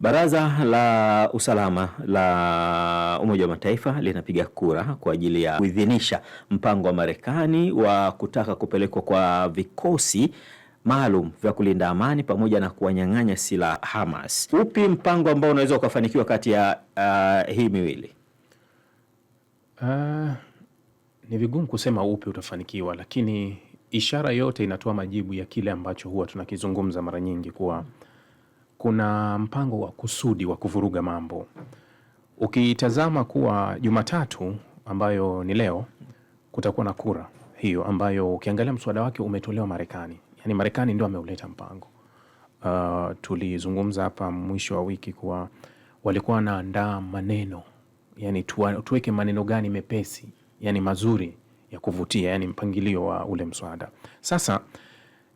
Baraza la Usalama la Umoja wa Mataifa linapiga kura kwa ajili ya kuidhinisha mpango wa Marekani wa kutaka kupelekwa kwa vikosi maalum vya kulinda amani pamoja na kuwanyang'anya silaha Hamas. Upi mpango ambao unaweza ukafanikiwa kati ya uh, hii miwili? Uh, ni vigumu kusema upi utafanikiwa, lakini ishara yote inatoa majibu ya kile ambacho huwa tunakizungumza mara nyingi kuwa kuna mpango wa kusudi wa kuvuruga mambo. Ukitazama kuwa Jumatatu ambayo ni leo kutakuwa na kura hiyo ambayo ukiangalia mswada wake umetolewa Marekani, yaani Marekani ndio ameuleta mpango. Uh, tulizungumza hapa mwisho wa wiki kuwa walikuwa wanaandaa maneno yani tuweke maneno gani mepesi yani mazuri ya kuvutia yani mpangilio wa ule mswada. Sasa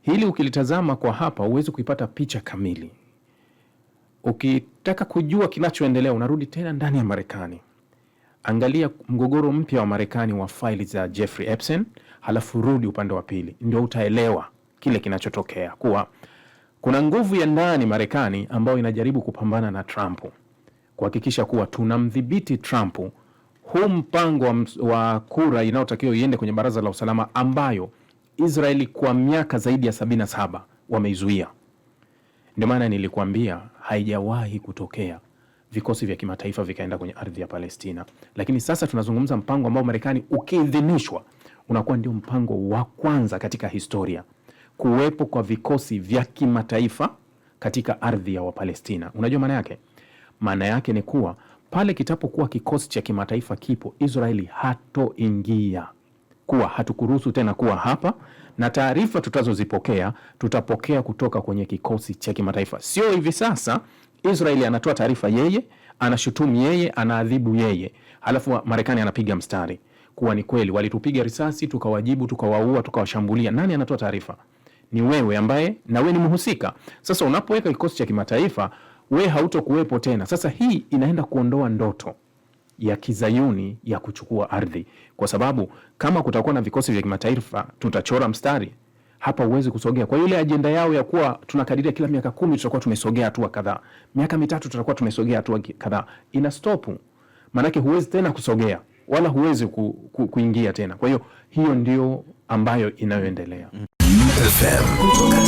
hili ukilitazama kwa hapa huwezi kuipata picha kamili Ukitaka kujua kinachoendelea unarudi tena ndani ya Marekani, angalia mgogoro mpya wa Marekani wa faili za Jeffrey Epstein, halafu rudi upande wa pili, ndio utaelewa kile kinachotokea kuwa kuna nguvu ya ndani Marekani ambayo inajaribu kupambana na Trump kuhakikisha kuwa tunamdhibiti Trump. Huu mpango wa, wa kura inayotakiwa iende kwenye baraza la usalama ambayo Israeli kwa miaka zaidi ya 77 wameizuia. Ndio maana nilikuambia haijawahi kutokea vikosi vya kimataifa vikaenda kwenye ardhi ya Palestina. Lakini sasa tunazungumza mpango ambao Marekani ukiidhinishwa, unakuwa ndio mpango wa kwanza katika historia kuwepo kwa vikosi vya kimataifa katika ardhi ya Wapalestina. Unajua maana yake? Maana yake ni kuwa pale kitapokuwa kikosi cha kimataifa kipo, Israeli hatoingia kuwa hatukuruhusu tena kuwa hapa, na taarifa tutazozipokea tutapokea kutoka kwenye kikosi cha kimataifa, sio hivi sasa. Israeli anatoa taarifa yeye, anashutumu yeye, anaadhibu yeye, halafu Marekani anapiga mstari kuwa ni kweli walitupiga risasi, tukawajibu, tukawaua, tukawashambulia. Nani anatoa taarifa? Ni wewe ambaye na wewe ni mhusika. Sasa unapoweka kikosi cha kimataifa, wewe hautokuwepo tena. Sasa hii inaenda kuondoa ndoto ya kizayuni ya kuchukua ardhi, kwa sababu kama kutakuwa na vikosi vya kimataifa tutachora mstari hapa, huwezi kusogea. Kwa hiyo ile ajenda yao ya kuwa tunakadiria kila miaka kumi tutakuwa tumesogea hatua kadhaa, miaka mitatu tutakuwa tumesogea hatua kadhaa, ina stopu, maanake huwezi tena kusogea wala huwezi ku, ku, kuingia tena. Kwa hiyo hiyo ndio ambayo inayoendelea FM. Mm.